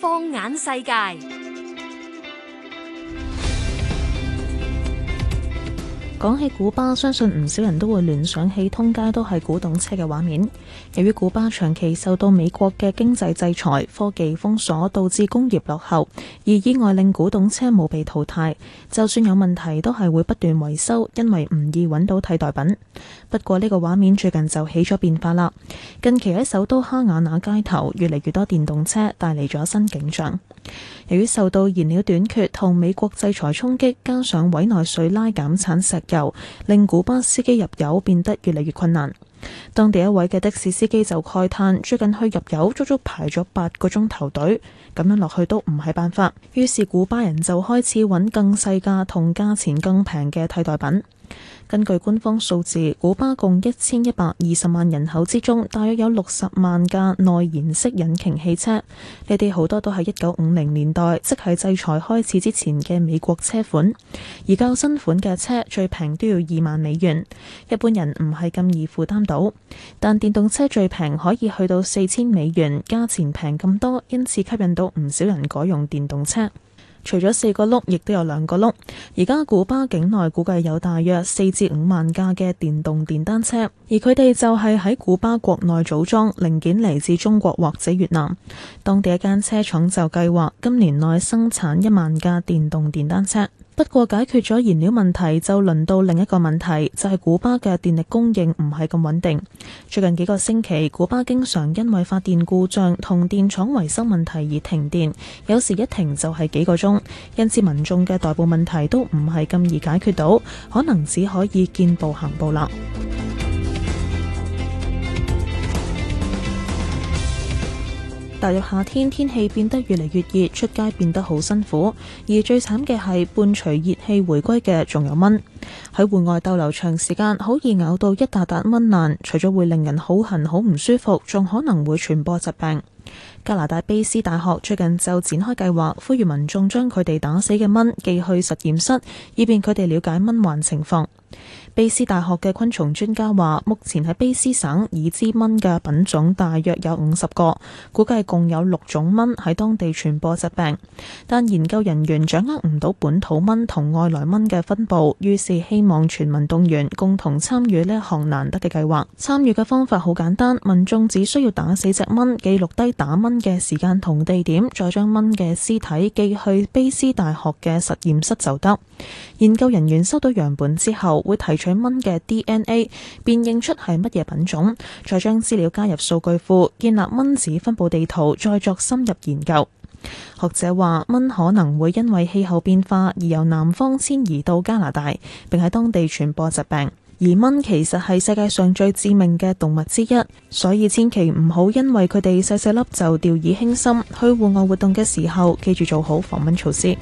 放眼世界。講起古巴，相信唔少人都會聯想起通街都係古董車嘅畫面。由於古巴長期受到美國嘅經濟制裁、科技封鎖，導致工業落後，而意外令古董車冇被淘汰。就算有問題，都係會不斷維修，因為唔易揾到替代品。不過呢個畫面最近就起咗變化啦。近期喺首都哈瓦那街頭，越嚟越多電動車帶嚟咗新景象。由於，受到燃料短缺同美國制裁衝擊，加上委內瑞拉減產石油，令古巴司機入油變得越嚟越困難。當地一位嘅的，的士司機就慨嘆：最近去入油，足足排咗八個鐘頭隊，咁樣落去都唔係辦法。於是古巴人就開始揾更細價同價錢更平嘅替代品。根據官方數字，古巴共一千一百二十萬人口之中，大約有六十萬架內燃式引擎汽車。呢啲好多都係一九五零年代，即係制裁開始之前嘅美國車款。而較新款嘅車最平都要二萬美元，一般人唔係咁易負擔到。但電動車最平可以去到四千美元，價錢平咁多，因此吸引到唔少人改用電動車。除咗四個轆，亦都有兩個轆。而家古巴境內估計有大約四至五萬架嘅電動電單車，而佢哋就係喺古巴國內組裝，零件嚟自中國或者越南。當地一間車廠就計劃今年內生產一萬架電動電單車。不過解決咗燃料問題，就輪到另一個問題，就係古巴嘅電力供應唔係咁穩定。最近幾個星期，古巴經常因為發電故障同電廠維修問題而停電，有時一停就係幾個鐘，因此民眾嘅代步問題都唔係咁易解決到，可能只可以見步行步啦。踏入夏天，天氣變得越嚟越熱，出街變得好辛苦。而最慘嘅係，伴隨熱氣回歸嘅仲有蚊。喺戶外逗留長時間，好易咬到一笪笪蚊爛。除咗會令人好痕好唔舒服，仲可能會傳播疾病。加拿大卑斯大學最近就展開計劃，呼籲民眾將佢哋打死嘅蚊寄去實驗室，以便佢哋了解蚊患情況。卑斯大學嘅昆蟲專家話，目前喺卑斯省已知蚊嘅品種大約有五十個，估計共有六種蚊喺當地傳播疾病。但研究人員掌握唔到本土蚊同外來蚊嘅分布，於是希望全民動員，共同參與呢一項難得嘅計劃。參與嘅方法好簡單，民眾只需要打死隻蚊，記錄低、低、低。打蚊嘅時間同地點，再將蚊嘅屍體寄去卑詩大學嘅實驗室就得。研究人員收到樣本之後，會提取蚊嘅 DNA，辨認出係乜嘢品種，再將資料加入數據庫，建立蚊子分佈地圖，再作深入研究。學者話，蚊可能會因為氣候變化而由南方遷移到加拿大，並喺當地傳播疾病。而蚊其實係世界上最致命嘅動物之一，所以千祈唔好因為佢哋細細粒就掉以輕心。去戶外活動嘅時候，記住做好防蚊措施。